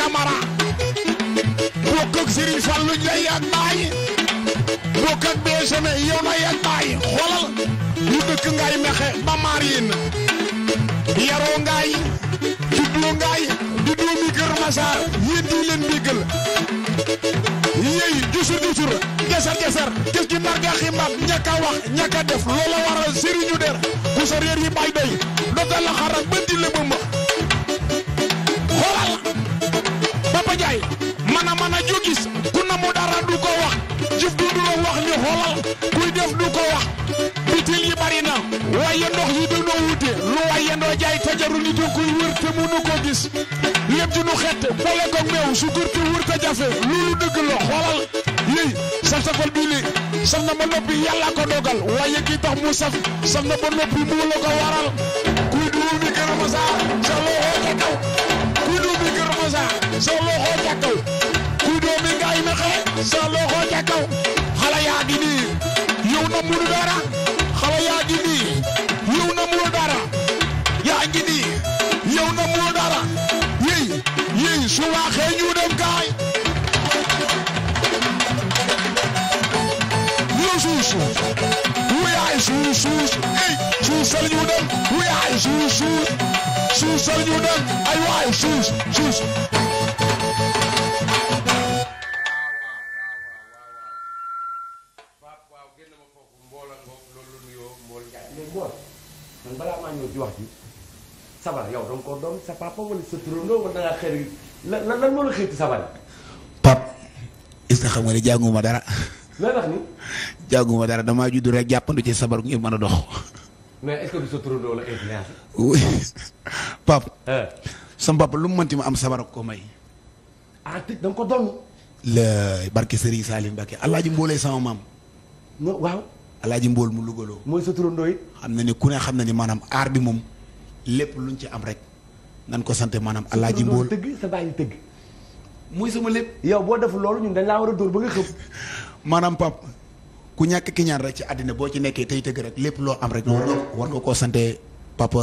Camara bokk ak Serigne Fallou Ndiaye ak Baye bokk ak BGM yow na ak Baye xoolal lu dëkk ngay mexe ba Marine yaroo ngay juddoo ngay di doomi Kër Massar yéen di leen bégal yéy jusur jusur geser geser gis gi marga ximbab ñàkk a wax ñàkk a def loola waral Serigne der bu sa yi bay doy dogal la xarak ba di la ba Demba Ndiaye mën a mën a ju gis ku na mu dara du ko wax jëf du du wax ni xoolal kuy def du ko wax bitil yi bari na waaye ndox yi dañoo wute lu waaye ndoo jaay te jarul nit kuy wër te mënu ko gis lépp di nu xet boole ko meew sukur te wër te jafe loolu dëgg la xoolal lii sartafal bii lii saf na ba noppi yàlla ko dogal waaye kii tax mu saf saf na ba noppi mu la ko waral kuy duumi Kër Masaar sa loxo ca kaw kuy duumi Kër Masaar sa loxo ca kaw ku doomi ngay na xale sa yaa ngi nii yow na mulu dara xale yaa ngi nii yow na mulu dara yaa ngi nii yow na mulu dara yii yii su waxee ñu dem gaay yow suus wu yaay suus suus ey suusal ñu dem wu yaay suus suus suusal ñu dem ay waay suus suus balaa maa ñëw ci wax ji sabar yow danga ko doon sa papa wala sa turandoo wala dangaa xëy lan lan moo la xëy ci sabar pap est-ce xam nga ne jànguma dara. lan tax ni. jànguma dara damaa judd rek jàppandu ci sabar ngir mën a dox. mais pap euh. sam papa lu mu mënti ma am sabar ak ko may. ah da nga ko doon. la barke Serigne Salim Mbacké Alaaji Mboolee sama maam. waaw. alaaji mbool mu lugaloo mooy sa turandoo it xam na ni ku ne xam na ni maanaam aar bi moom lépp luñ ci am rek nan ko sante maanaam alaaji mbool tëgg sa bàyyi tëgg mooy sama lépp yow boo def loolu ñu dañ laa war a dóor ba nga xëpp maanaam pap ku ñàkk ki ñaan rek ci àddina boo ci nekkee tey tëgg rek lépp loo am rek war nga koo sante papa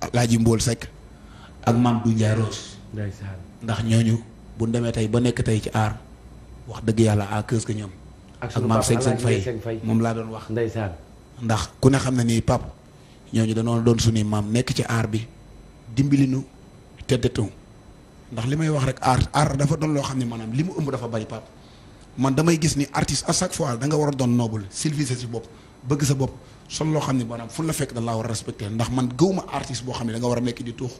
alaaji mbool Seck ak maam du Ndiaye Rose ndax ñooñu bu demee tey ba nekk tey ci aar wax dëgg yàlla à cause ñoom ak maam Seck Seck Faye moom laa doon wax. ndeysaan ndax ku ne xam na ni pap ñooñu dañoo doon suñuy maam nekk ci aar bi dimbali nu te detu ndax li may wax rek aar aar dafa doon loo xam ne maanaam li mu ëmb dafa bari pap man damay gis ni artiste à chaque fois da nga war a doon noble civilisé si bopp bëgg sa bopp sol loo xam ne maanaam fu la fekk da laa war a respecté ndax man gëwuma artiste boo xam ne da nga war a nekk di tuux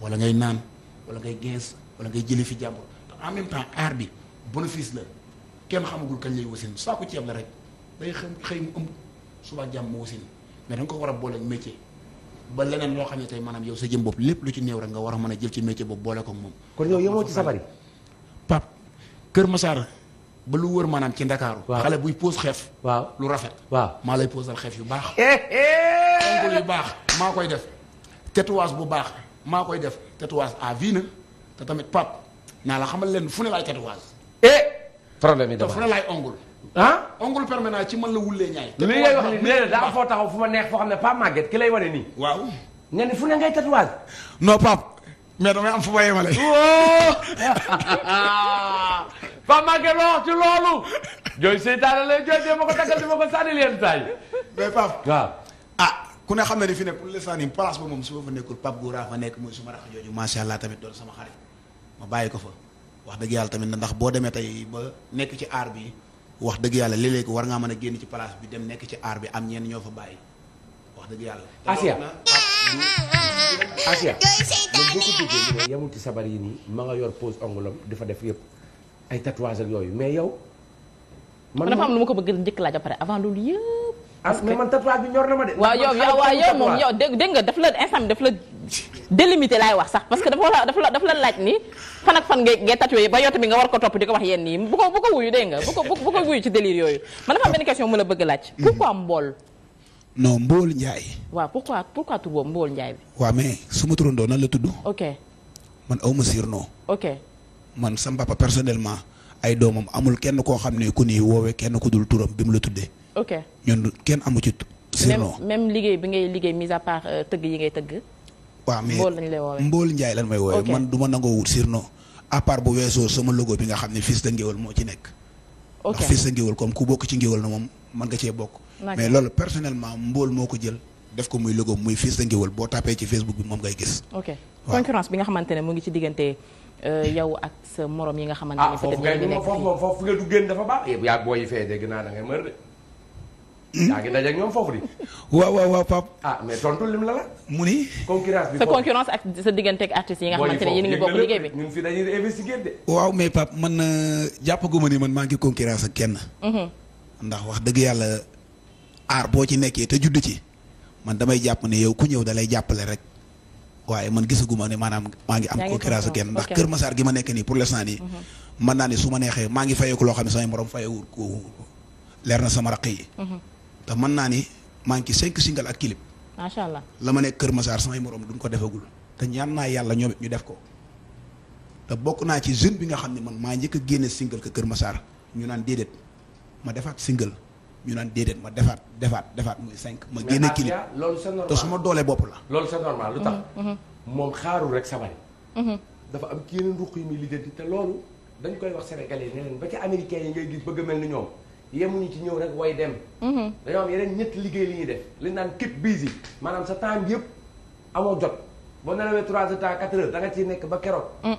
wala ngay naan wala ngay gens wala ngay jëli fi jàmbur en même kenn xamagul kañ lay wasin saako ceeb la rek day xëy mu ëmb suba jàmm mu wasin mais da ko war a boole métier ba leneen loo xam ne tey maanaam yow sa jëm bopp lépp lu ci néew rek nga war a mën a jël ci métier boobu boole ko moom. kon yow yemoo ci sabari. Pape Kër Massar ba lu wër maanaam ci Ndakaaru. xale buy poos xeef. waaw lu rafet. waaw maa lay posal xeef yu baax. ongle baax maa koy def. tatouage bu baax maa koy def tatouage à vie te tamit Pape naa la xamal leen fu ne laay tatouage. Eh! problème yi dafa laay ongul. ah ongul permanent ci mën la wullee ñaay. te ngay wax ni nee na daa foo taxaw fu ma neex foo xam ne Pape Maguette ki lay wane nii. waaw nga ni fu ne ngay tatouage. non Pape mais damay am fu ma yemale. Pape Maguette loo wax ci loolu. jooy seytaane lay jooy dee ma ko daggal di ma ko sànni leen taay. mais Pape. waaw ah. ku ne xam ne ni fi ne pour l'instant nii place ba moom su ma fa nekkul Pape Gora fa nekk mooy suma rax jooju macha allah tamit doon sama xarit ma bàyyi ko fa. wax dëgg yàlla tamit ndax boo demee tey ba nekk ci aar bi wax dëgg yàlla léeg-léeg war ngaa mën a génn ci place bi dem nekk ci aar bi am ñeen ñoo fa bàyyi wax dëgg yàlla. Asia Asia. moom boo ko déggee ci sabar yi nii ma nga yor pose ongulam def yëpp ay tatouage ak yooyu mais yow. man dafa am lu ma ko bëgg njëkk laaj pare avant loolu yëpp. parce que man tatouage bi ñor na ma de. waaw yow yow waaw moom yow dégg daf la instant bi daf la délimité laay wax sax parce que dafa la dafa la la laaj ni fan ak fan ngay ngay tatoué ba yow tamit nga war ko topp di ko wax yenn yi bu ko bu ko wuyu dégg nga ko wuyu ci délire yooyu man dafa am question mu la bëgg laaj. Mm-hmm. pourquoi mbool. non mbool Ndiaye. waa pourquoi pourquoi mbool Ndiaye bi. mais su ma turandoo na la tudd. ok man aw ma sirnoo. ok man sa papa personnellement ay doomam amul kenn koo xam ne ku nii woowee kenn ku dul turam bi mu la tuddee. ok ñun kenn amu ci surnom. même liggéey bi ngay liggéey mis à part euh, tëgg yi ngay tëgg. waaw mais mbool lañ lay woowee lan may woowee. man du ma nangoo wut surnom à part bu weesoo sama logo bi nga xam ne fils de Ngéwal moo ci nekk. ok ndax fils de Ngéwal comme ku bokk ci Ngéwal na moom mën nga cee bokk. mais loolu personnellement mbool moo ko jël. def ko muy logo muy fils de Ngéwal boo tapee ci Facebook bi moom ngay gis. ok concurrence bi nga ne mu ngi ci diggante. Euh, yow ak yi nga xamante ne. ah foofu nga foofu eh, nga Hm? yaa waaw waaw waaw Pape. Ah, mu ni. sa concurrence ak sa diggante ak artistes yi nga xamante ne yéen a ngi bokk liggéey bi. ñun fi dañuy investiguer de. waaw mais Pape euh, ni man maa ngi concurrence ak kenn. Mhm. wax dëgg yàlla aar boo ci nekkee te judd ci man damay jàpp ne yow ku ñëw da lay jàppale rek. waaye man gisaguma ne maanaam maa ngi am concurrence ak kenn ndax Kër Massar gi ma nekk nii pour l'instant nii mhm. man naa ne su ma neexee maa ngi fayeeku loo xam ne samay morom fayewu ko leer na sama raq yi mhm. te mën naa ni maa ngi ci cinq single ak clip. macha allah la ma nekk Kër Massar samay morom duñ ko defagul. te ñaan naa yàlla ñoom it ñu def ko te bokk naa ci jeune bi nga xam ne man maa njëkk a génne single que Kër Massar ñu naan déedéet ma defaat single ñu naan déedéet ma defaat defaat defaat muy cinq. ma génne clip loolu c'est normal te su ma doolee bopp la. loolu c'est normal lu tax. Mm-hmm, mm-hmm. moom xaarul rek sabari mm-hmm. dafa am ci yeneen ruq yu muy liggéey te loolu dañ koy wax sénégalais ne leen ba ci américains yi ngay gis bëgg mel ni ñoom. yemuñu ci ñëw rek way dem. Mm-hmm. dañoo am yeneen ñetti liggéey li ñu def li ñu naan keep busy maanaam sa temps yëpp amoo jot boo nelawee 3 heures de temps 4 heures da nga ciy nekk ba keroog. Mm.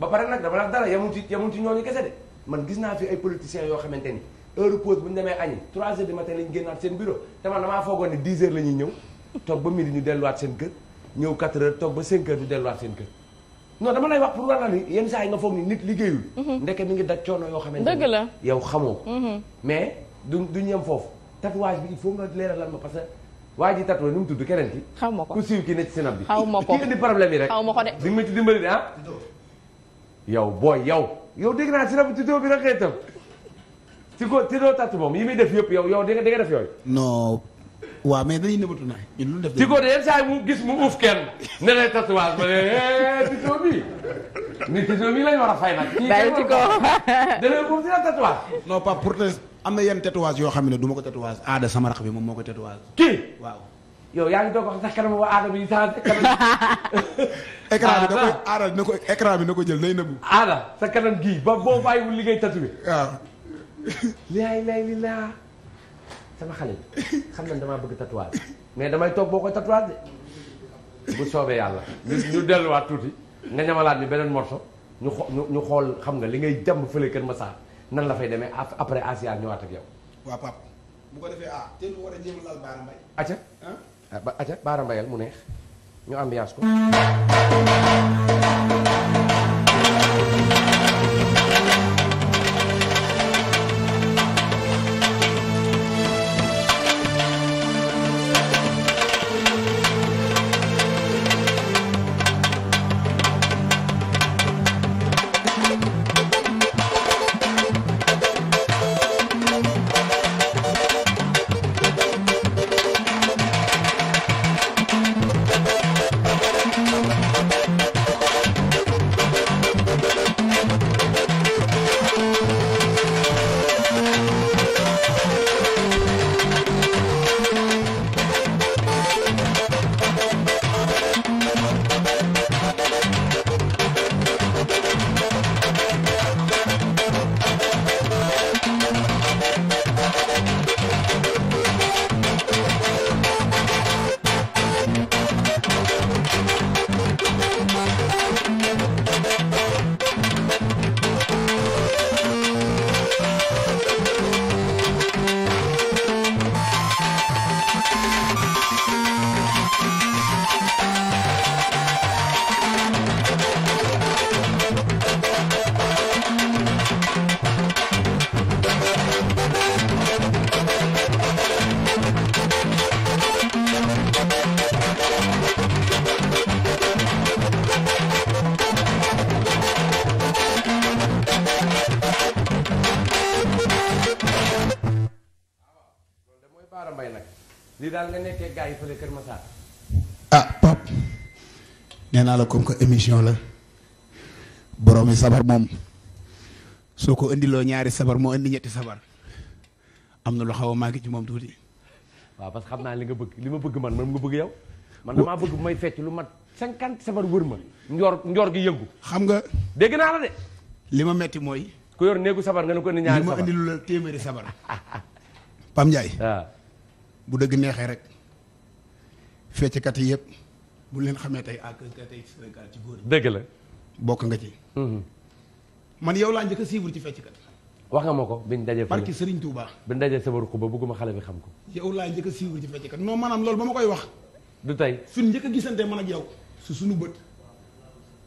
ba pare nag dama la dara yemuñu ci yemuñu ci ñooñu de man gis naa fi ay politiciens yoo xamante ni heure pause bu ñu demee añi 3 heures du matin lañu génnaat seen bureau te man damaa foogoon ne 10 heures la ñuy ñëw toog ba midi ñu delluwaat seen kër ñëw 4 heures toog ba 5 heures ñu delluwaat seen kër. non dama lay wax pour war na ni yenn saa yi nga foog ni nit liggéeyul. Mhm. ndeke mi ngi daj coono yoo xamante ne. dëgg la yow xamoo. Mhm. mais du du yem foofu tatouage bi il faut nga leeralal ma parce que. waa ji tatoué nu mu tudd keneen ki. xaw ma ko ku siiw ki ne ci bi. xaw ma ko ki indi problème yi rek. xaw ma ko de di nga ma ci dimbali de ah. yow booy yow. yow dégg naa sinab tuddoo bi rek ngay tëb. ci ko ci doo tattu moom yi may def yëpp yow yow di nga def yooyu. non. waaw mais dañuy nëbatu naay ñun lu def. di ko de yenn saa yi mu gis mu uuf kenn ne lay tatouage ma ne Tito bi ni Tito a fay nag. day ci ko pas pour te am na yenn tatouage yoo xam ne du ma ko tatouage aada sama rax bi moom moo ko tatouage. kii waaw. yow yaa ngi doon wax sax kanam waa aada bi sax kanam. écran bi da koy aada na ko bi na ko jël nay nëbbu. aada sa kanam gii ba boo bàyyiwul liggéey tatoué. waaw. lay lay li laa. sama xarit xam nañ damaa bëgg tatouage mais damay toog boo koy tatouage de bu soobee yàlla ñu delluwaat tuuti nga ñamalaat ñu beneen morso ñu ñu xool xam nga li ngay jàmb fële kër Massar nan la fay demee après Asia ñëwaat ak yow. waaw papa ah, ah, mu neex ñu ambiance ko. Kër Massar. ah Pape nee naa la comme que émission la boroomi sabar moom soo ko indiloo ñaari sabar moo indi ñetti sabar am na lu xaw a màgg ci moom tuuti. waaw parce que xam naa li nga bëgg li ma bëgg man man nga bëgg yow. man damaa bëgg bu may fecc lu mat cinquante sabar wër ma. njoor njoor gi yëngu. xam nga. dégg naa la de. li ma metti mooy. ku yor néegu sabar nga ne ko indi ñaari sabar téeméeri sabar. Pam Ndiaye. Ah. bu dëgg neexee rek. fecckat yi yëpp bu leen xamee tey ak tey Sénégal ci góor dëgg la bokk nga ci mhm. man yow laa njëkk a suivre ci fecckat wax nga ma ko biñ daje barki Serigne Touba biñ daje sabar ko ba bëgguma xale bi xam ko yow laa njëkk a suivre ci fecckat non maanaam loolu ba ma koy wax du tey suñ njëkk a gisante man ak yow su suñu bët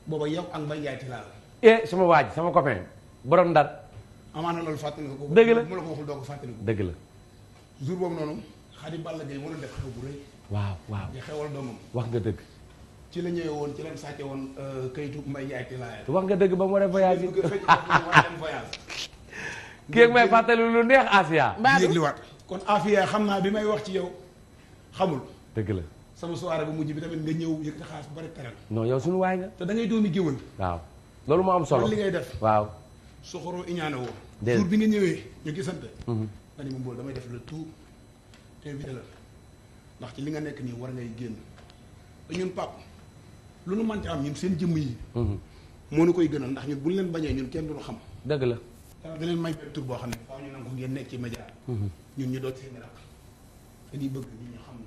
booba yow ak Mbaye Ndiaye Tilala eh ma waaj sama copain borom ndar amaana loolu fàttali ko dëgg la mu la ko doo ko fàttali ko la jour boobu noonu Xadim Balla Gueye wala def bu rëy waaw waaw di xewal doomam wax nga dëgg ci la ñëwee woon ci lañ sàcce woon euh, kayitu Mbaye mbay ti laaya wax nga dëgg ba mu waree voyage yi kii ak may fàttali lu neex Afia yëg li kon Afia xam naa bi may wax ci yow xamul dëgg la sama soirée bu mujj bi tamit nga ñëw yëkkati xaalis bu bari teral non yow suñu waay nga te dangay ngay doomi géwël waaw loolu moo am solo li ngay def waaw soxoroo iñaane woo jour bi nga ñëwee ñu gisante nga mhm. ni ma mbool damay def le tout la ndax ci li nga nekk nii war ngay génn te ñun pap lu nu mën am ñun seen jëmm yi. Mhm. moo nu koy gënal ndax ñun bu ñu leen bañee ñun kenn du ñu xam. dëgg la. da leen may boo xam ne faaw ñu nangu ngeen nekk ci média. Mhm. ñun ñu doon seen dañuy bëgg ñu xam ne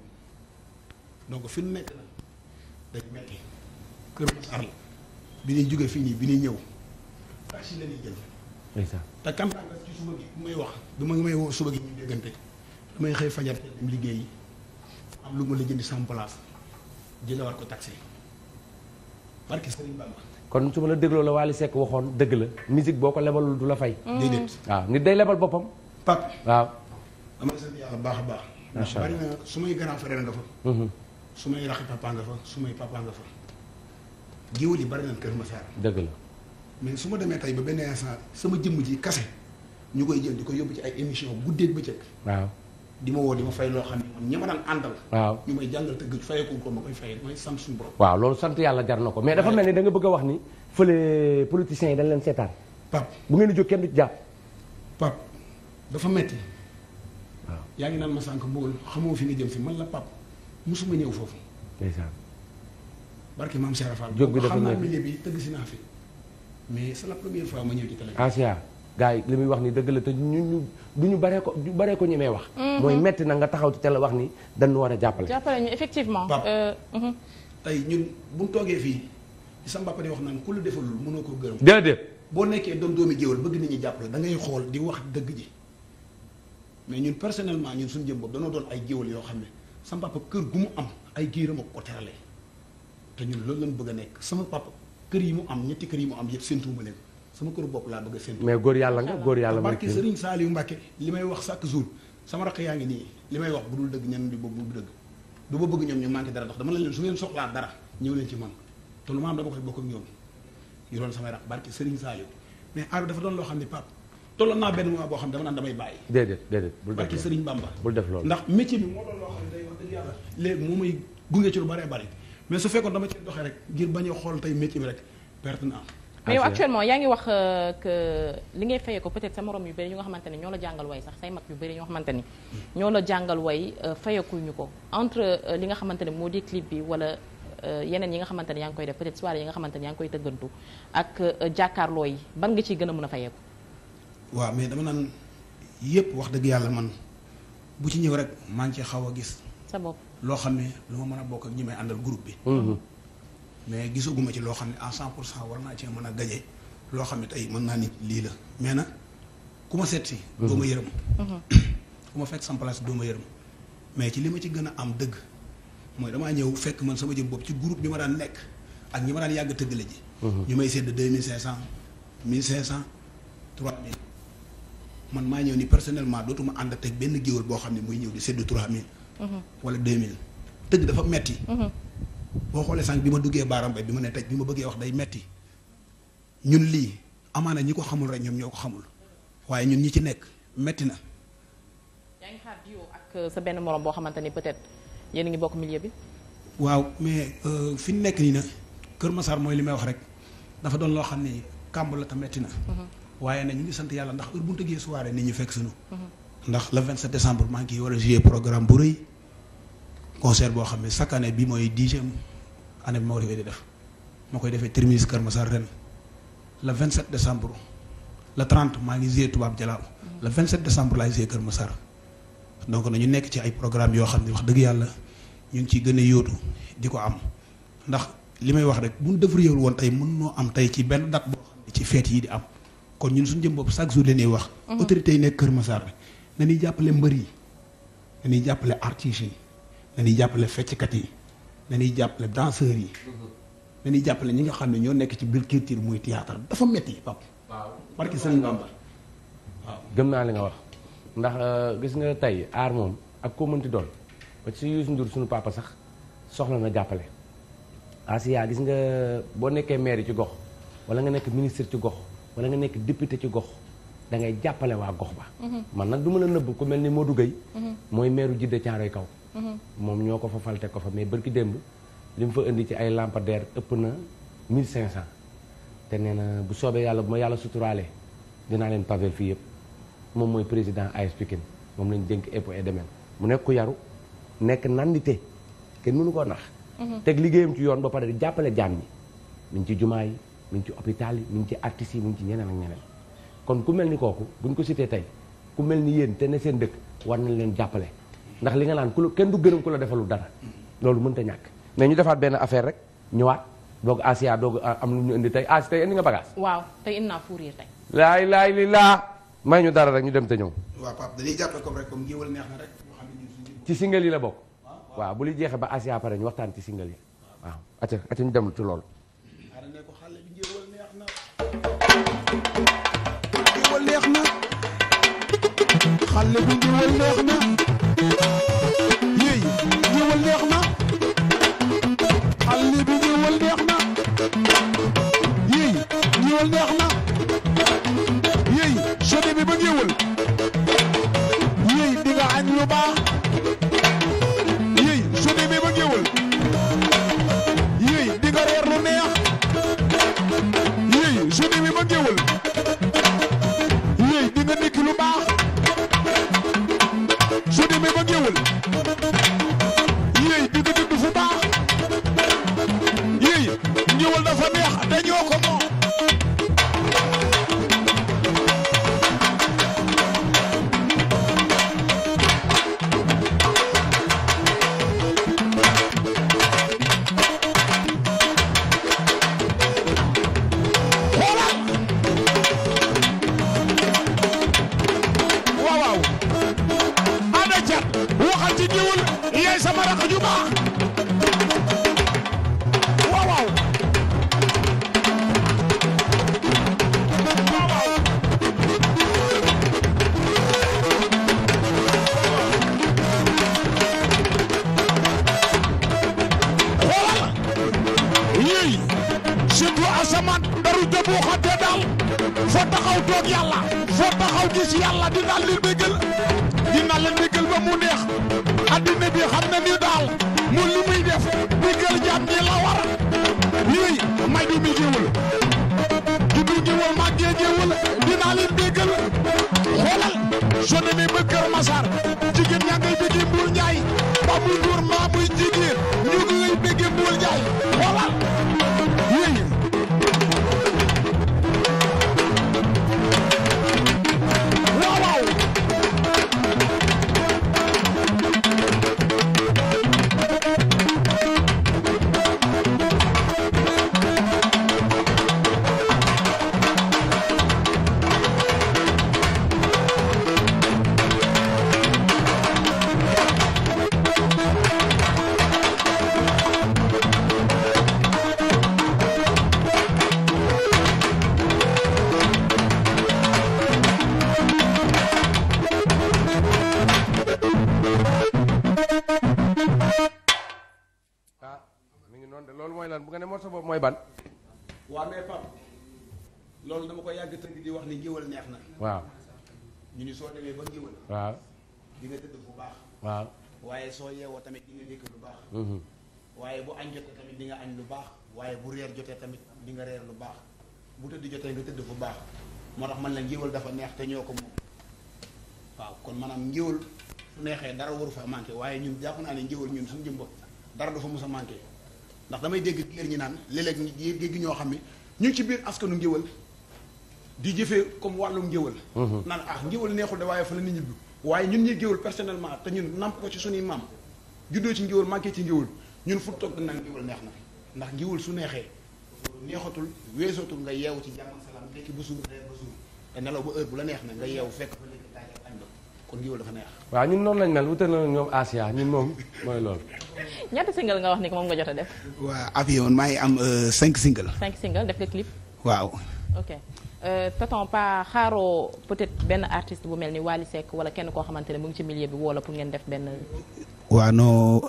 donc fi mu nekk la dañ metti Kër Masar la bi ñuy jóge fii nii bi ñuy ñëw taxi la ñuy jël. te campagne ci suba gi bu may wax du ma may woo suba gi ñu déggante damay xëy fajar dem liggéey yi lu ma la jënd sama place jëla war ko taxé barke Sëriñ Bamba kon su ma la dégloo la Wally Seck waxoon dëgg la musique boo ko lebalul du la fay mm. déedéet waaw nit day lebal boppam pap waaw dama sant yàlla baax baax macha allah su may grand su may raxi papa su may papa nga fa géwél bari na Kër dëgg la mais su ma demee tey ba benn instant sama jëmm ji kase ñu koy jël di ko yóbbu ci ay émission guddeeg bëccëg waaw di ma woo di ma fay loo xam ne man ñi ma daan àndal. waaw ñu may jàngal tëgg fayeeku ko ma koy fay mooy sant suñu borom. waaw loolu sant yàlla jar na ko mais dafa mel ni da nga bëgg a wax ni fële politiciens yi dañ leen seetaan. pap bu ngeen di jóg kenn du jàpp. pap dafa metti waaw yaa ngi naan ma sànq mbool xamoo fi nga jëm si man la pap ma ñëw foofu. ndeysaan. barke maam Cheikh Fall. jóg xam naa milieu bi si naa fi mais a la première fois ma ñëw ci télé. gars yi li muy wax ni dëgg la te ñu ñu du ñu baree ko du baree ko ñemee wax. Mm-hmm. mooy metti na nga taxaw ci télé wax ni dañu war a jàppale. jàppale ñu effectivement. Euh, mm-hmm. tey ñun bu ñu toogee fii sama papa di wax naan ku la defalul mënoo ko gërëm. déedéet boo nekkee doon doomi bëgg nañu jàppale da xool di wax dëgg ji mais ñun personnellement ñun suñ jëm danoo doon ay géwél yoo xam ne sama papa kër gu mu am ay géeram ak ko terale te ñun loolu lañ bëgg a nekk sama papa kër yi mu am ñetti kër yi mu am yëpp séntuwuma leen sama kër bopp laa bëgg a séntu. mais góor yàlla nga góor yàlla. barki Serigne Saliou Mbacke li may wax chaque jour sama raq yaa ngi nii li may wax bu dul dëgg ñenn di boobu du dëgg du ma bëgg ñoom ñu manqué dara ndax dama leen su ngeen soxlaa dara ñëw leen ci man te lu ma am dama koy bokk ak ñoom yu samay raq barki Serigne Saliou mais aar dafa doon loo xam ne pap tolloon naa benn moment boo xam ne dama naan damay bàyyi. déedéet déedéet bul def loolu barki Serigne def loolu ndax métier bi moo doon loo xam ne léegi moo may gunge ci lu baree bare mais su fekkoon dama ci doxee rek ngir bañ a xool tey métier bi rek perte naa mais yow actuellement yaa ngi wax euh, que li ngay fayee ko peut-être sa morom yu bëri yu nga xamante ne ñoo la jàngal way sax say mag yu bëri ñoo xamante ni ñoo la jàngal way euh, fayekuñu ko entre euh, li nga xamante ne moo di clip bi wala yeneen yi nga xamante ne yaa ngi koy def peut-être soirée yi nga xamante ne yaa ngi koy tëggantu ak jàkkaarloo yi ban nga ciy gën a mën a fayeeku waaw mais dama naan yëpp wax dëgg yàlla man bu ci ñëw rek maa ngi ci xaw a gis sa bopp loo xam ne lu ma mën a bokk ak ñi may àndal groupe bi mm-hmm. mais gisaguma ci loo xam ne à 100 pour cent war naa cee mën a gañe loo xam ne tey mën naa nit lii la mais na ku ma seet si. doo ma yërëm. Mhm. ku ma fekk sama place doo ma yërëm mais ci li ma ci gën a am dëgg mooy damaa ñëw fekk man sama jëm bopp ci groupe bi ma daan nekk ak ñi ma daan yàgg tëggale ji. Mhm. ñu may sédd 2500 1500 3000. man maa ñëw ni personnellement dootuma ànd ak teg benn géwél boo xam ne muy ñëw di sédd 3000. Mhm. wala boo xoolee sànq bi ma duggee baaram bay bi ma ne tëj bi ma bëggee wax day metti ñun lii amaana ñi ko xamul rek ñoom ñoo ko xamul waaye ñun ñi ci nekk metti na. yaa ngi xaar diwo ak euh, sa benn morom boo xamante ni peut-être yéen a ngi bokk milieu bi. waaw mais euh, fi mu nekk nii na Kër masaar mooy li may wax rek dafa doon loo xam ne kàmb la te metti na. Mm-hmm. waaye nag ñu ngi sant yàlla ndax heure bu ñu tëggee soirée nit ñi fekk sunu. Mm-hmm. ndax le 27 décembre maa ngi war a bu rëy. concert boo xam ne chaque année bi mooy dixième anne bi ma ko di def moo koy defee terminus Kër Massar ren le 27 decembre le 30 maa ngi gisee tubaab la le 27 décembre laay gisee Kër Massar donc ñu nekk ci ay programme yoo xam ne wax dëgg yàlla ñu ngi ciy gën a yootu di ko am ndax li may wax rek bu ñu defaree woon tey mën noo am tey ci benn date boo xam ne ci fête yi di am kon ñun suñ jëm bopp chaque jour dañuy wax. Mhm. autorités yi nekk Kër Massar nañuy jàppale mbër yi nañuy jàppale artistes nañuy jàppale fecckat yi nañuy jàppale danseurs yi nañuy jàppale ñi nga xam ne ñoo nekk ci biir culture muy théâtre dafa metti pap barki sëriñ Bamba waaw gëm naa li nga wax ndax euh, gis nga tey aar moom ak koo mënti doon ba ci Youssou Ndour suñu papa sax soxla na jàppale Asia gis nga boo nekkee maire ci gox wala nga nekk ministre ci gox wala nga nekk député ci gox da ngay jàppale waa gox ba mhm. man nag du ma la nëbb ku mel ni Modou Gueye mhm. mooy maire Jidda Caaroy kaw moom ñoo ko fa falte ko fa mais bërki démb li mu fa indi ci ay lampadaire ëpp na cent te nee na bu soobee yàlla bu ma yàlla suturaalee dinaa leen pavel fii yëpp moom mooy président AS Pikine moom lañ dénk impôts et domaines mu nekk ku yaru nekk nandite kenn nu koo nax mhm. teg liggéeyam ci yoon ba di jàppale jaam ñi mi ngi ci jumaa yi mi ngi ci hôpital yi mi ngi ci artistes yi mi ci ñeneen ak ñeneen kon ku mel ni kooku buñ ko cité tey ku mel ni yéen te seen dëkk war nañ leen jàppale ndax li nga naan ku la kenn du gërëm ku la defalul dara loolu mënta ñàkk mais ñu defaat benn affaire rek ñëwaat doog Asia doog am lu ñu indi tey Asia tey indi nga bagage. waaw tey indi naa fourrier tey. laay laay li laa may ñu dara rek ñu dem te ñëw. waaw Pape dañuy jàppee comme rek comme ci singal la bokk. waaw bu li jeexee ba Asia pare ñu waxtaan ci singal yi waaw. acca ñu dem ci loolu. géwël neex na yéy soo demee ba géwël yéy di nga añ lu baax daru jëbu xatte daam foo taxaw toog yàlla foo taxaw gis yàlla dina leen bëggal dina leen bëggal ba mu neex addina bi xam na ni daal mu li muy def bëggal jaam ñi la war lii may di mi géwël di mi géwël dina leen bëggal xoolal soo demee ba Kër Massar noonu de loolu mooy lan bu nga ne morso boobu mooy ban. waa mais Pape loolu dama ko yàgg tënk di wax ni géwal neex na. waaw ñu ni soo demee ba géwal. waaw di tëdd bu baax. waaw waaye soo yeewoo tamit di nga lu baax. Mm-hmm. waaye bu añ jotee tamit di nga añ lu baax. waaye bu reer jotee tamit di nga reer lu baax. bu tëdd jotee nga tëdd bu baax. moo tax man la ngéwal dafa neex te ñoo ko moom waaw kon maanaam ngéwal su neexee dara waru fa manqué waaye ñun jàpp naa ne ngéwal ñun suñ jëm bopp dara du fa mus a manqué ndax damay dégg kër ñi naan léeg-léeg ñu dégg ñoo xam ne ñu ngi ci biir askanu ngéwël di jëfe comme wàllum ngéwël mhm. naan ah ngéwël neexul de waaye fa la nit ñi waaye ñun ñuy géwël personnellement te ñun namp ko ci suñuy maam juddoo ci ngéwël màggee ci ngéwël ñun fu toog da naan ngéwël neex na ndax ngéwël su neexee neexatul weesootul nga yeewu ci jàmm ak salaam nekk ba suur ba suur te nelaw ba heure bu la neex na nga yeewu fekk kon ngéwél dafa neex. waaw ñun noonu lañ mel wute na ñoom Asia ñun moom mooy loolu. ñaata single nga wax ko moom nga jot a def. waaw avion maa ngi am 5 euh, single. 5 single def nga clip. waaw. ok euh, t'attends pas xaaroo peut-être benn artiste bu mel ni Wally Seck wala kenn koo xamante ne mu ngi ci milieu bi woo la pour ngeen def benn. waaw non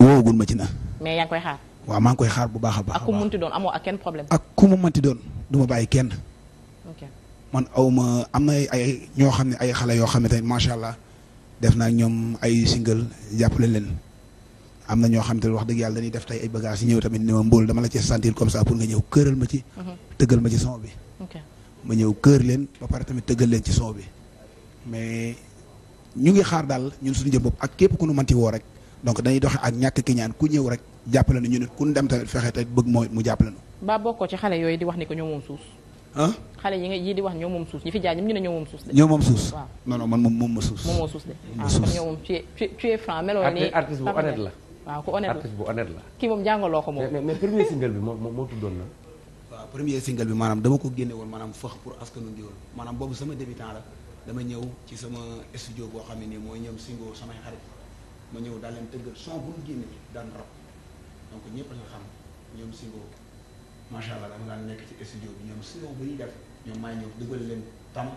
woowagul ma ci na. mais yaa ngi koy xaar. waaw maa ngi koy xaar bu baax a baax. ak ku mu mënti doon amoo ak kenn problème. ak ku mu mënti doon du ma bàyyi kenn. man aw ma am na ay ñoo xam ne ay xale yoo xam ne tamit macha allah def naa ñoom ay single jàppale leen am na ñoo xam te wax dëgg yàlla dañuy def tey ay bagages yi ñëw tamit ne ma mbool dama la ci sentir comme ça pour ma ci. Mhm. tëggal ma ci son bi. ma ñëw kër leen ba pare tamit tëggal leen ci son bi mais ñu ngi xaar daal ñun suñu jëm bopp ak képp ku nu manti woo rek donc dañuy doxe ak ñàkk ki ku ñëw rek jàppale nu ñu nit ku ñu dem tamit fexe te bëgg mooy mu jàppale nu. ba bokkoo ci xale yooyu di wax ni ko ñoom moom suuf. ah xale yi nga yi di wax ñoo moom suus ñi fi jaay ñoom ñu ñoo moom suus de ñoo moom suus waaw non non man moom moom ma suus moom moo suus de ah kon ñoo moom tu es tu es franc kii moom jàngaloo ko moom mais premier single bi maanaam dama ko génne woon maanaam fax pour askanu ngiwol maanaam boobu sama débutant la dama ñëw ci sama studio boo xam ne nii mooy ñoom singo samay xarit ma ñëw daal leen tëggal son bu mu génne daan rab donc ñëpp la xam ñoom singo macha allah dama daan nekk ci studio bi ñoom sinon bu ñuy def ñoom maay ñëw dugal leen tam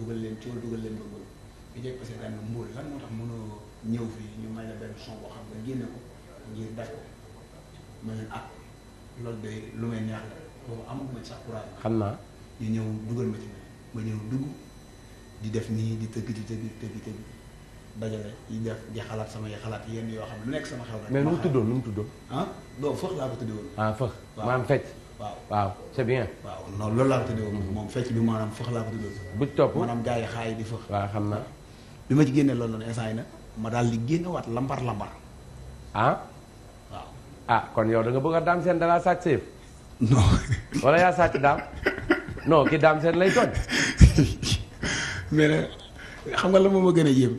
dugal leen cool dugal leen bëggoon bi njëkk parce que daan na mbóol lan ñëw fii ñu may la benn son xam nga génne ko ngir def ah, loolu day lu may neex la boobu amaguma sax xam naa ñu ñëw dugal ma ci ma ñëw dugg di def nii di tëgg di tëgg tëgg tëgg dajale di def di xalaat samay xalaat yenn yoo xam lu nekk sama xel rek mais nu mu tuddoon nu mu tuddoon ah doo fëx laa ko tuddoon ah fëx maanaam fecc waaw waaw c'est bien. waaw non loolu laa ko tuddee moom fecc bi maanaam fëx laa ko tuddee. bu topp maanaam gars yi xaay di fëx. waaw xam naa. bi ma ci génnee loolu noonu instant yi na ma daal di génnewaat lambar lambar. ah. waaw ah kon yow danga bëgg a daam seen danaa sàcc séef. non. wala yaa sàcc daam non ki daam seen lay toj. mais nag xam nga la moom a gën a yéem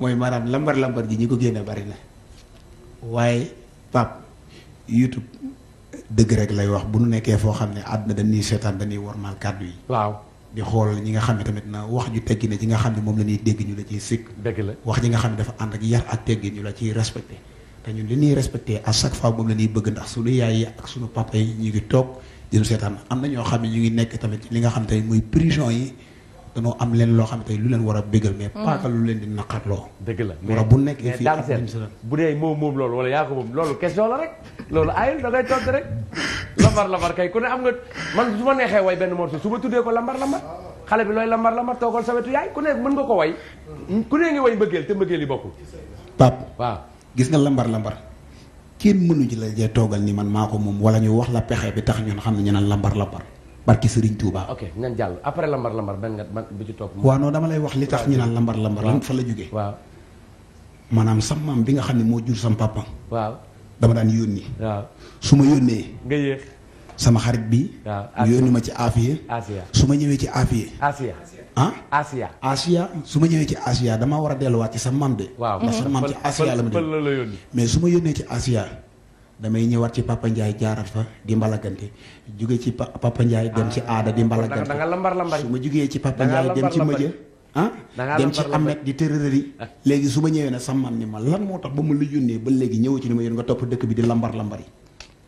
mooy maanaam lambar lambar gi ñi ko génne bari na waaye Pape YouTube. dëgg rek lay wax bu nu nekkee foo xam ne àdduna dañuy seetaan dañuy wormaal kàddu yi. waaw di xool ñi nga xam ne tamit na wax ju teggi ne nga xam ne moom la ñuy dégg ñu la ciy sikk. dëgg la wax ji nga xam ne dafa ànd ak yar ak teggi ñu la ciy respecté. te ñun li ñuy respecté à chaque fois moom la ñuy bëgg ndax suñu yaay yi ak suñu papa yi ñu ngi toog dinu seetaan am na ñoo xam ne ñu ngi nekk tamit li nga xam tey muy prison yi dañoo am leen loo xam ne lu leen war a bégal mais mm. paaka lu leen di naqatloo dëgg la bu nekkee fii bu dee moom lambar lambar kay ku ne am nga man su ma neexee way benn morceau su ma tuddee ko lambar lambar xale bi looy lambar lambar toogal sa wetu yaay ku ne mën nga ko woy ku ne ngi way mbëggeel te mbëggeel yi bokku pap waaw gis nga lambar lambar kenn mënu ji la jee toogal nii man maa ko moom wala ñu wax la pexe bi tax ñun xam ne ñu naan lambar lambar barki Serigne Touba. ok ngeen jàll après lambar lambar benn nga bi ci topp. waaw non dama lay wax li tax ñu lambar lambar. lan fa la jógee. waaw maanaam sam maam bi nga xam ne moo jur sam papa. waaw dama daan yónni. waaw su ma yónnee. nga sama xarit bi. waaw yónni ma ci Afia. Afia su ma ñëwee ci Afia. Afia ah. Afia Afia su ma ñëwee ci Afia damaa war delluwaat ci sa maam de. waaw ndax sa maam ci Afia la ma dem mais su ma yónnee ci Afia. damay ñëwaat ci Papa Ndiaye jaarat fa di mbalagante jóge ci Papa Ndiaye dem ci aada di ah, mbalagante su ma jugee ci Papa Ndiaye dem ci Mëjë ah dem ci Amet di tërërëri léegi su ma ñëwee ne sa maam ni ma lan moo tax ba mu la yónnee ba léegi ñëwee ci ni ma yoon nga topp dëkk bi di lambar lambar yi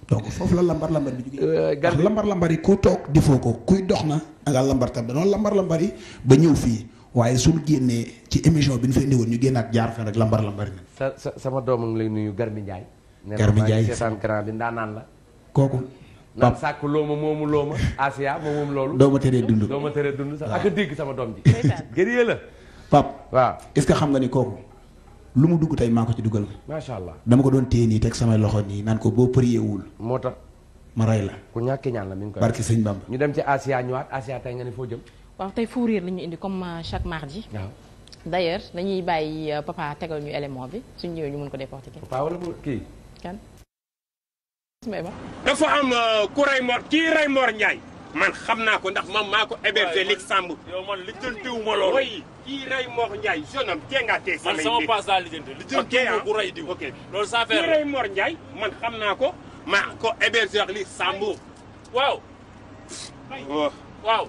donc foofu la lambar lambar bi jugee. Euh, ndax lambar lambar yi ku toog defoo ko kuy dox na nga lambar tam lambar lambar yi ba ñëw fii waaye suñu génnee ci émission bi ñu fay indiwoon ñu génnaat jaar fenn rek lambar lambar yi. sa sa sama doomam lay nuyu Garmi Ndiaye. Garmi Ndiaye seetaan grand bi ndaanaan la. kooku. naan sàkk looma moomu looma Asia ma moom loolu. doo ma teree dund doo ma teree dund sax ak a dégg sama doom ji. gërëyee la. Pape waaw est-ce que xam nga ni kooku. lu mu dugg tey maa ko ci dugal. macha allah dama ko doon téye nii teg samay loxo nii naan ko boo prié wul. moo tax ma rey la. ku ñàkk ñaan la mi ngi koy barki sëñ Bamba. ñu dem ci Asia ñëwaat Asia tey nga ne foo jëm. waaw tey fourier la ñu indi comme euh, chaque mardi. waaw dañuy bàyyi euh, papa tegal ñu élément bi suñ ñëwee ñu mun ko décortiquer. papa wala kii. kan. dafa am euh, kii rey man xam naa ko ndax man maa ko hébergé Luxembourg. yow man lijjantiwuma loolu. mooy kii rey Mor Ndiaye jeune homme tee ngaa tee samay man sama ah. diw. Mor Ndiaye man xam naa ko maa ko hébergé Luxembourg. waaw. Oh. waaw.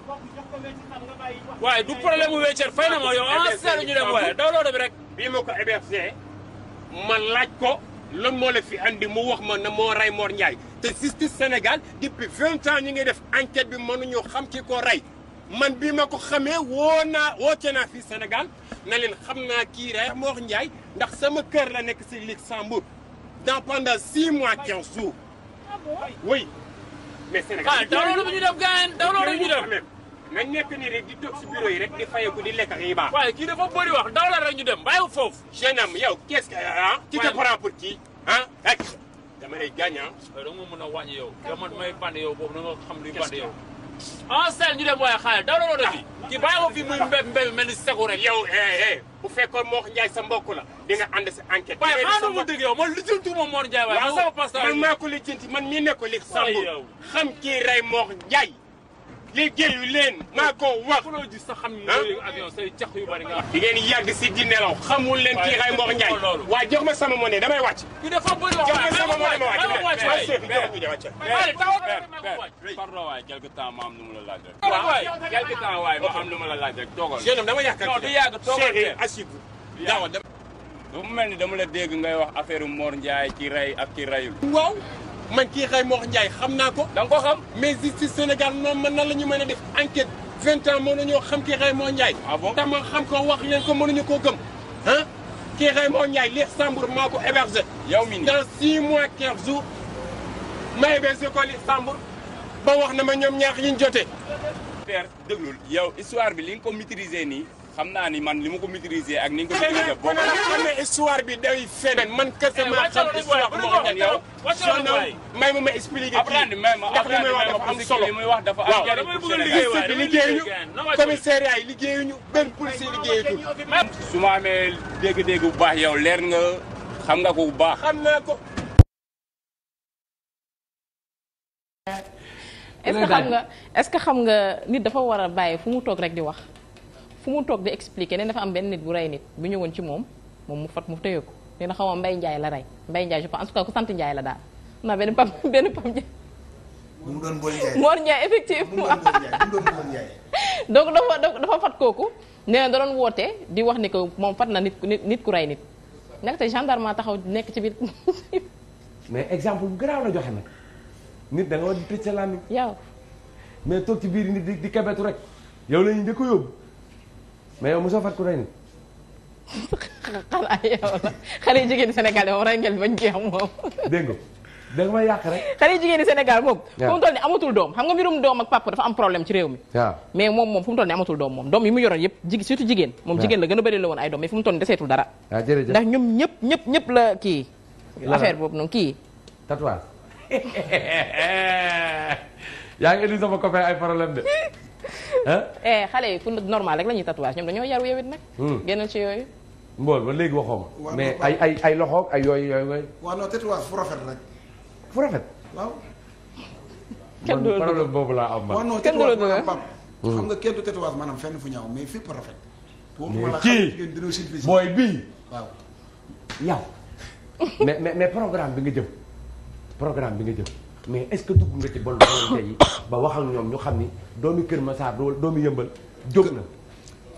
waaye du problème mu wecceer fay na ma yow ñu dem waaye daw loo dem rek. bii ma ko hébergé ma laaj ko. lan moo la fi andi mu wax ma na moo rey Mor Ndiaye te justice Sénégal depuis vingt ans ñu ngi def enquête bi mënuñu xam ci ko rey man bi ma ko xamee woo naa woote naa fii Sénégal na leen xam naa kii rey Mor Ndiaye ndax sama kër la nekk si Luxembourg dans pendant six mois quinze jours ah oui mais Sénégal. ah dawloo bu ñu dem gaañ dawloo la bu ñu dem nañ nekk nii rek di toog si bureau yi rek di fayeku di lekk yi baax. waaye kii dafa bëri wax daw la ñu dem bàyyiwul foofu. jeune homme yow qu'est-ce que ah. tu te prends pour qui ah ak dama lay gaañ ah. mën a wàññi yow. dama may band yow boobu na xam luy band yow. a selle ñu dem waaye xaaral daw la loolu fii. Ah, kii bàyyi ko fii muy mbéb mbéb mel ni segu rek. yow bu fekkoon Mor Ndiaye sa mbokk la di nga ànd sa enquête. waaye xaaral ma dëgg yow man lijjanti ma Mor Ndiaye waaye. man sama pasteur man maa ko lijjanti man liggéeyu leen maa ko wax. ku loo xam ne yooyu ak yow say cax yu bari nga wax. di ngeen yàgg si di nelaw xamul leen kii xay Mbour Ndiaye. waa jox ma sama monnaie damay wàcc. kii dafa bëri wax waaye sama monnaie ma wàcc. waaye Seydou Ndiaye wàcc wàcc. pardon ma am nu mu la laaj rek. waaw ma laaj rek toogal. dama yaakaar non du yàgg toogal Cheikh Assibou. daaw dama. du ni dama la dégg ngay wax affaire Mor Ndiaye ci rey ak ci reyul. waaw mañ kii xay moo wax xam naa ko. da nga ko xam mais justice Sénégal noonu man nan la ñu mën a def enquête vingt ans mënuñoo xam kii xay moo Ndiaye. ah bon tax ma xam ko wax leen ko mënuñu koo gëm ah. kii xay moo Ndiaye li Sambour maa ko hébergé. yow mii dans six mois quinze jours ma hébergé ko li Sambour ba wax na ma ñoom ñaax yi ñu jotee. père yow histoire bi li nga ko nii. xam naa ni man li ma ko maîtriser ak ni nga ko maîtriser boo ko xam ne histoire bi day feneen man ka eh, maa xam histoire bu ma ko waxoon yow may ma may wax dafa am solo waaw justice bi liggéeyuñu commissariat yi liggéeyuñu benn police yi liggéeyuñu su ma amee dégg-dégg bu baax yow leer nga xam nga ko bu baax xam naa ko est-ce que xam nga est-ce que xam nga nit dafa war a bàyyi fu mu toog rek di wax fu mu toog di expliquer ne dafa am benn nit bu rey nit bu ñëwoon ci moom moom mu fat mu tëye ko nee na xaw ma Mbaye Ndiaye la rey Mbaye Ndiaye je pense en tout sant Ndiaye la daal naa benn pam benn pam Ndiaye. mu doon Mboy Ndiaye Mor Ndiaye effectivement donc dafa dafa fat kooku nee na da doon woote di wax ni ko moom fat na nit ku nit ku rey nit ndaxte gendarme ma taxaw nekk ci biir. mais exemple bu garaaw la joxe nag nit da nga war di tëj sa làmmiñ. yow mais toog ci biir nit di kabetu rek mais yow mosoo fat ku rey nit. xanaa yow la xale yu jigéen Sénégal yow rey ngeen moom. rek. xale yu jigéen Sénégal moom. fu mu toll ni amatul doom xam doom ak papa am problème ci réew mais moom moom fu mu toll ni amatul doom moom yi mu yoroon yëp jigéen surtout jigéen. moom jigéen la gën a bëri la woon ay doom mais fu mu toll ni deseetul dara. ndax ñoom ñëpp ñëpp ñëpp la kii. affaire boobu noonu kii. tatouage yaa ngi indi sama copain ay problème de eh xale yi ku normal rek la ñuy tatouage ñoom dañoo yaru yow it nag. Hmm. génn ci yooyu. mbool ba léegi waxoo ma. mais ay ay ay loxoog ay yooyu yooyu. waaw non fu rafet rek. fu rafet. waaw. kenn boobu la dëgg xam hmm. nga kenn maanaam fenn fu ñaaw mais fépp rafet. mais kii booy bii. waaw. mais mais mais programme bi nga jëm. programme bi nga jëm. mais est-ce que dugg nga ci bonne volonté yi ba wax ak ñoom ñu xam ni doomi Kër Massar doomi yëmbal jóg na.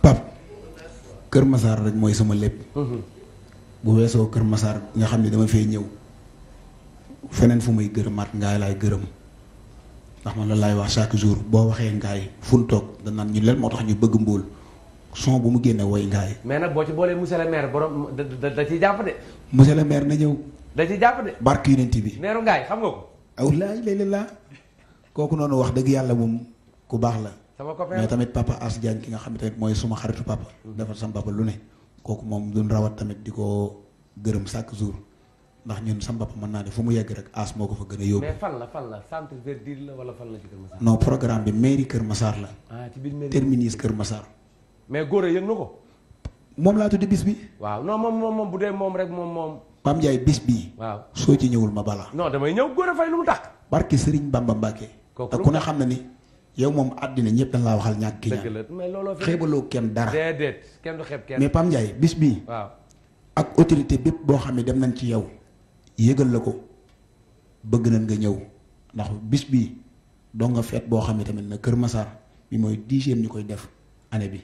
Pape Kër Massar rek mooy sama lépp. Mhm. bu weesoo Kër Massar nga xam ne dama fee ñëw feneen fu may gërëmaat ngaay laay gërëm ndax man la laay wax chaque jour boo waxee ngaay fu mu toog danaan ñu leen moo tax ñu bëgg mbool son bu mu génne woy ngaay. mais nag boo ci boolee monsieur le maire borom da da ciy jàpp de. monsieur le maire na ñëw. da ciy jàpp de. barke yonent bi. meeru ngaay xam aw laa ilaaha illallaah kooku noonu wax dëgg yàlla moom ku baax la. sama copain mais tamit papa As Diagne ki nga xam ne tamit mooy suma xaritu papa. dafa sama papa lu ne. kooku moom duñ rawat tamit di ko gërëm chaque jour ndax ñun sama papa mën naa ne fu mu yegg rek As moo ko fa gën a yóbbu. mais fan la fan la centre Verdure la la ci Kër Massar. bi mairie Kër Massar la. ah ci biir mairie terminus Kër Massar. mais góor a yëg na ko. moom laa tuddi bis bi. waaw non moom moom moom bu dee moom rek moom moom. Pam Ndiaye bis bii. waaw soo ci ñëwul ma bala non damay ñëw góor a fay lu mu tàkk. barke Bamba Mbacke. kooku ku ne xam na ni. yow moom àddina ñëpp dañ laa waxal ñàkk ki ñaan xeebaloo kenn dara kenn du xeeb kenn mais Pam Ndiaye bis bii waaw ak autorité bépp boo xam ne dem nañ ci yow yëgal la ko bëgg nañ nga ñëw ndax bis bii doo nga feet boo xam ne tamit na Kër Massar bi mooy dixième ñu koy def année bi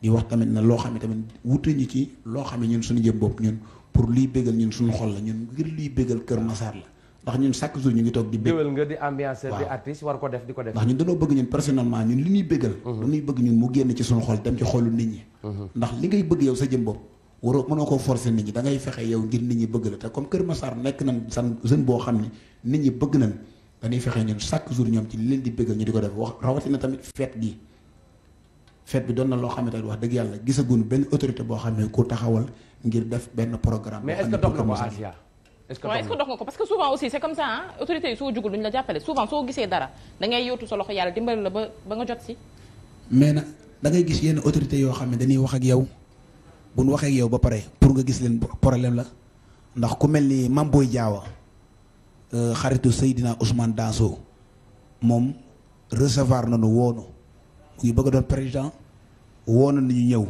di wax tamit na loo xam ne tamit wuute ñu ci loo xam ne ñun suñu jëm bopp ñun pour luy bégal ñun suñu xol la ñun ngir luy bégal Kër Massar la ndax ñun chaque jour ñu ngi toog di géwél nga di ambianceur di artiste war ko def di ko def ndax ñun dañoo bëgg ñun personnellement ñun li ñuy bëggal dañuy mhm. bëgg ñun mu génn ci suñu xol dem ci xolu nit ñi mhm. ndax li ngay bëgg yow sa jëm bopp waroo mënoo koo forcer nit ñi da fexe yow ngir nit ñi bëgg la te comme Kër Massar nekk na san jeune boo xam ni nit ñi bëgg na nañ dañuy fexe ñun chaque jour ñoom ci li leen di bëggal ñu di ko def wax rawatina tamit fête gi fête doon na loo xamante wax dëgg yàlla gisaguñu benn autorité boo xam ne ku taxawal ngir def benn programme. mais est-ce que dox nga ko est-ce que dox nga ko parce que souvent aussi c'est comme ça ah soo jugul duñu la jàppale souvent soo gisee dara da ngay yóotu sa loxo yàlla dimbali la ba ba nga jot si. mais na da ngay gis yenn autorités yoo xam ne dañuy wax ak yow bu ñu waxee yow ba pare pour nga gis leen problème la ndax ku mel ni Mame jaawa Diao euh, xaritu Seydina Ousmane Danso moom recevoir nañu woonu mu ngi bëgg a doon président woonu nañu ñëw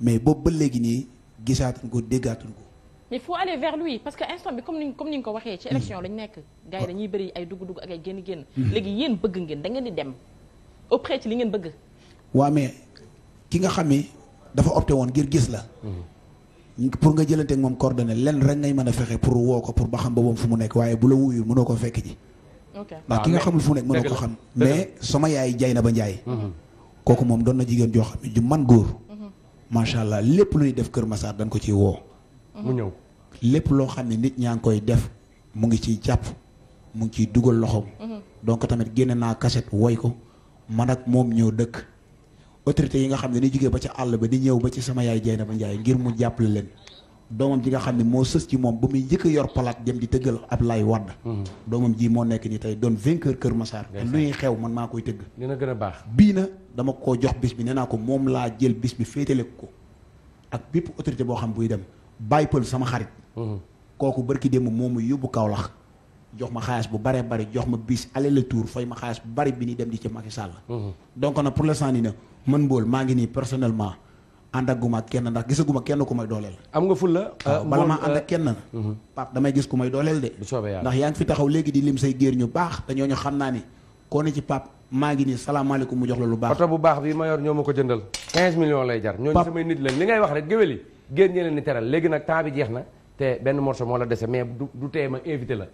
mais boobu léegi nii. gisaatuñ ko déggaatuñ ko. mais faut aller vers lui parce que instant bi comme ni comme ni nga ko waxee. ci mm. élection lañ nekk. gars yi ah. dañuy bëri ay dugg-dugg ak ay génn-génn. Mm. léegi yéen bëgg ngeen da ngeen di dem auprès ci li ngeen bëgg. waaw mais ki nga xam ni dafa opté woon ngir gis la. Mm. pour nga jëlante ak moom coordonné lenn rek ngay mën a fexe pour woo ko pour ba xam boobam fu mu nekk waaye bu la wuyul mënoo ko fekk ji. ok ndax ki nga xamul fu mu nekk mënoo ko xam. mais sama yaay jaay ba njaay. Mm-hmm. kooku moom doon na jigéen macha allah lépp lu ñuy def Kër Massar dañ ko ciy woo. mu ñëw lépp loo xam ne nit ñaa ngi koy def mu ngi ciy jàpp mu ngi ciy dugal loxoom. Mhm. donc tamit génne naa cassette woy ko man ak moom ñëw dëkk. autorité yi nga xam ne ni jógee ba ca àll ba di ñëw ba ci sama yaay Dieynaba Ndiaye ngir mu jàppale leen. doomam ji nga xam ne moo sës ci moom ba muy jëkk a yor palaat jëm di tëggal Ablaye Wade mhm. doomam ji moo nekk ni tey doon vainqueur Kër Massar te lu ñuy xew man maa koy tëgg dina gën a baax bii na dama koo jox bis bi nee naa ko moom laa jël bis bi féetale ko ak bépp autorité boo xam buy dem bàyyi pël sama xarit mhm. kooku barki démb moomu yóbbu lax jox ma xaalis bu bare bari jox ma bis aller le tour fay ma xaalis bu bari bi ni dem di ci Macky Sall mhm. donc na man maa ngi nii personnellement ànd ak guma kenn ndax gisaguma kenn ku may dooleel. am nga ful la. Ah, bala maa ànd ak ah, kenn. Mhm. Pape damay gis ku may dooleel de. ndax yaa ngi fi taxaw léegi di lim say géer ñu baax te xam naa ni koo ne ci Pape maa ngi nii salaamaaleykum mu jox la lu baax. oto bu baax bi ma yor ñoo ma ko jëndal. 15 millions lay jar. ñooñu samay nit leen li ngay wax rek géwél yi géer ñi leen di teral léegi nag temps jeex na te benn morceau moo la dese mais du du tee ma invité la.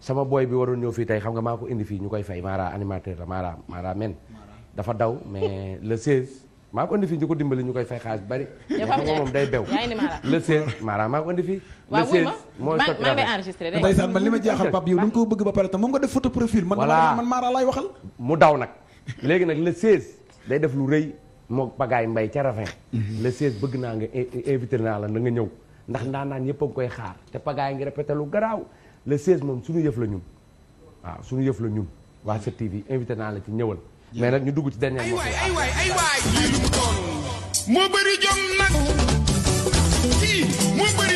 sama boy bi waroon ñëw fii tey xam nga maa ko indi fii ñu koy fay Mara animateur la Mara dafa daw mais le 16 maa ko indi ñu ko dimbali ñu koy fay xaalis bari. moom day bew. yaa ngi ni Mara le 16 Mara mooy sotti maa ngi man li ma jeexal Pape yow ko bëgg ba pare tam moom nga def photo profil. man mu daw nag léegi nag le 16 day def lu rëy moo pagaay mbay ca rafet. Mhm. le 16 bëgg naa nga invité naa la na nga ñëw ndax ndaanaan yëpp a ngi koy xaar te pagaay ngi répété lu garaaw le 16 moom su suñu yëf la ñun waaw suñu yëf la ñun waa 7TV invité naa la ci ñëwal mais nag ñu dugg ci dernier morceau mu doon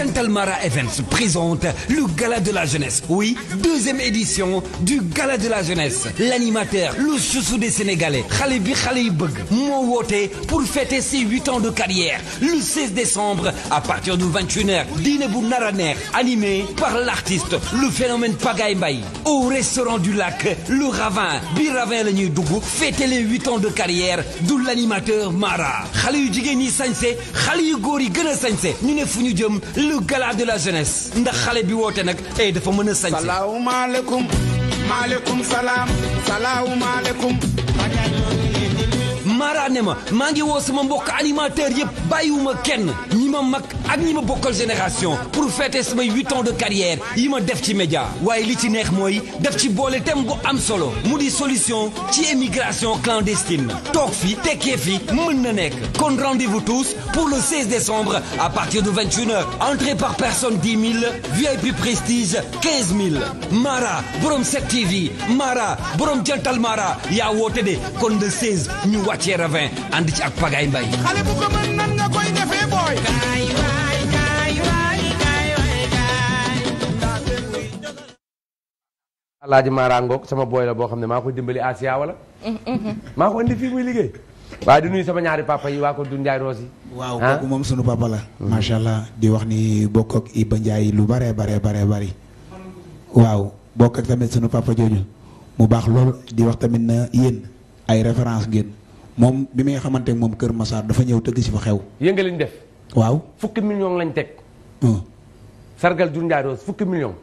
Gentlemara Events présente le Gala de la Jeunesse. Oui, deuxième édition du Gala de la Jeunesse. L'animateur, le chouchou des Sénégalais, xale bi xale yi bëgg moo woote pour fêter ses huit ans de carrière le 16 décembre à partir de 21h dîner bu nar a neex animé par l'artiste le phénomène Pagaye Mbaye au restaurant du lac le ravin bi ravin la ñuy dugg fêter les huit ans de carrière du l'animateur Mara xale yu jigéen yi se xale yu góor yi gën a sañse ñu le gala de la jeunesse ndax xale bi woote nag ay eh, dafa mën a sañ salaamaaleykum maaleykum salaam salaamaaleykum maara ne ma maa ngi woo sama mbokk animateur yëpp bàyyiwuma kenn ñi ma mag ak ñi ma bokkal génération pour fêter samay huit ans de carrière yi ma def ci média waaye li ci neex mooy def ci boole thème bu am solo mu di solution ci émigration clandestine toog fi tekkee fi mën na nekk kon rendez-vous tous pour le 16 décembre à partir de 21 heures entrée par personne 10 mille VIP prestige 15 000 Mara borom 7TV Mara borom jantal Mara yaa woote de kon le 16 ñu wàccee ravin ànd ci ak Pagaye Mbaye xale bu ko mën nan nga alaaji maaraangoog sama booy la boo xam ne maa koy dimbali Asia wala maa ko indi fii muy liggéey waaw di nuyu sama ñaari papa yi waa ko du Ndiaye Rose yi waaw ah? kooku moom sunu papa la macha allah di wax ni bokk ak Iba Ndiaye lu bare bare bare bari waaw bokk ak tamit sunu papa jooju mu baax lool di wax tamit na yéen ay référence ngeen moom bi may xamante moom Kër Massar dafa ñëw tëgg si fa xew yënga liñ def waaw fukki million lañ teg sargal du Ndiaye Rose fukki million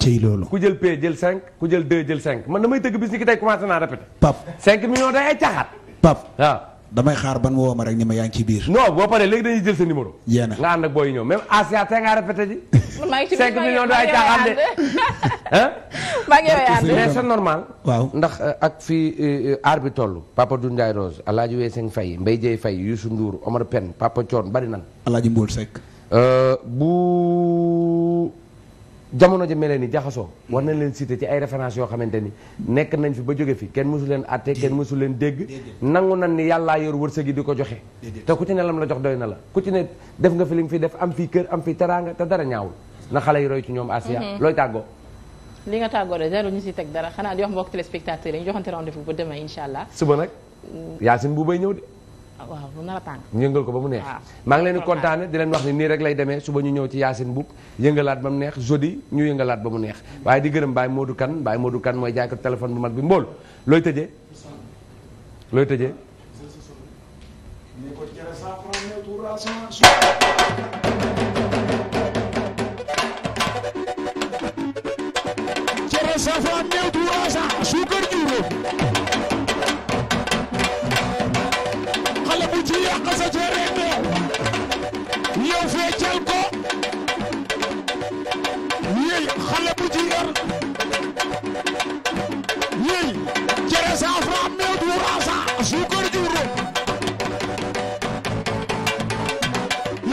ci loolu ku jël P jël 5 ku jël 2 jël 5 man damay tëgg bis ni ki tey commencé naa répété. pap 5 millions day ay caaxaat. pap damay xaar ban woo rek ni ma yaa ngi ci biir. non boo paree léegi dañuy jël sa numéro. yéen a nga ànd ak booy ñëw même Asia tey ngaa répété ji. maa ngi ci ay caaxaat de. maa ngi yooyu ànd mais c'est normal. waaw ndax euh, ak fi euh, aar bi toll. papa Doudou Ndiaye Rose El Hadj Wesseng Faye Mbaye Dieye Faye Youssou Ndour Omar Pène papa Thion jamono ji mel ni jaxasoo war na leen cité ci ay références yoo xamante ni nekk nañ fi ba jóge fi kenn mësu leen atte kenn mësu leen dégg nangu nan ni yàllaa yor wërsëg yi di ko joxe te ku ci ne la jox doy na la ku ci ne def nga fi li fi def am fii kër am fii teraanga te dara ñaawul na xale yi roy ci ñoom Asia mhm. looy tàggoo li nga tàggoo de jarul ñu si teg dara xanaa di wax mbokk téléspectateurs yi ñu joxante rendez-vous ba demain incha allah suba mm. bu bay yëngal ko ba mu neex maa ngi leen di kontaane di leen wax ni nii rek lay demee suba ñu ñëw ci yaasin buub yëngalaat ba mu neex jeudi ñu yëngalaat ba mu neex waaye di gërëm Baye Modou Kane Baye Modou Kane mooy jaaykatu téléphone bu mag bi mbool looy tëjee looy tëjee suukar juróom yàq sa cere ko yow feccal ko yéy xale bu ci yar yéy cere cent franc meew du raasa suukar juuro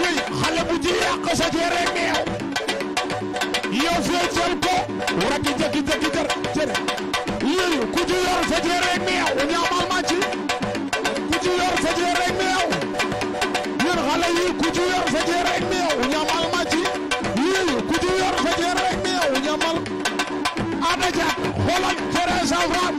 yéy xale bu ci yàq sa cere meew yow feccal ko raki jaki jaki jar cere yéy ku ci yor sa cere meew Raw Raw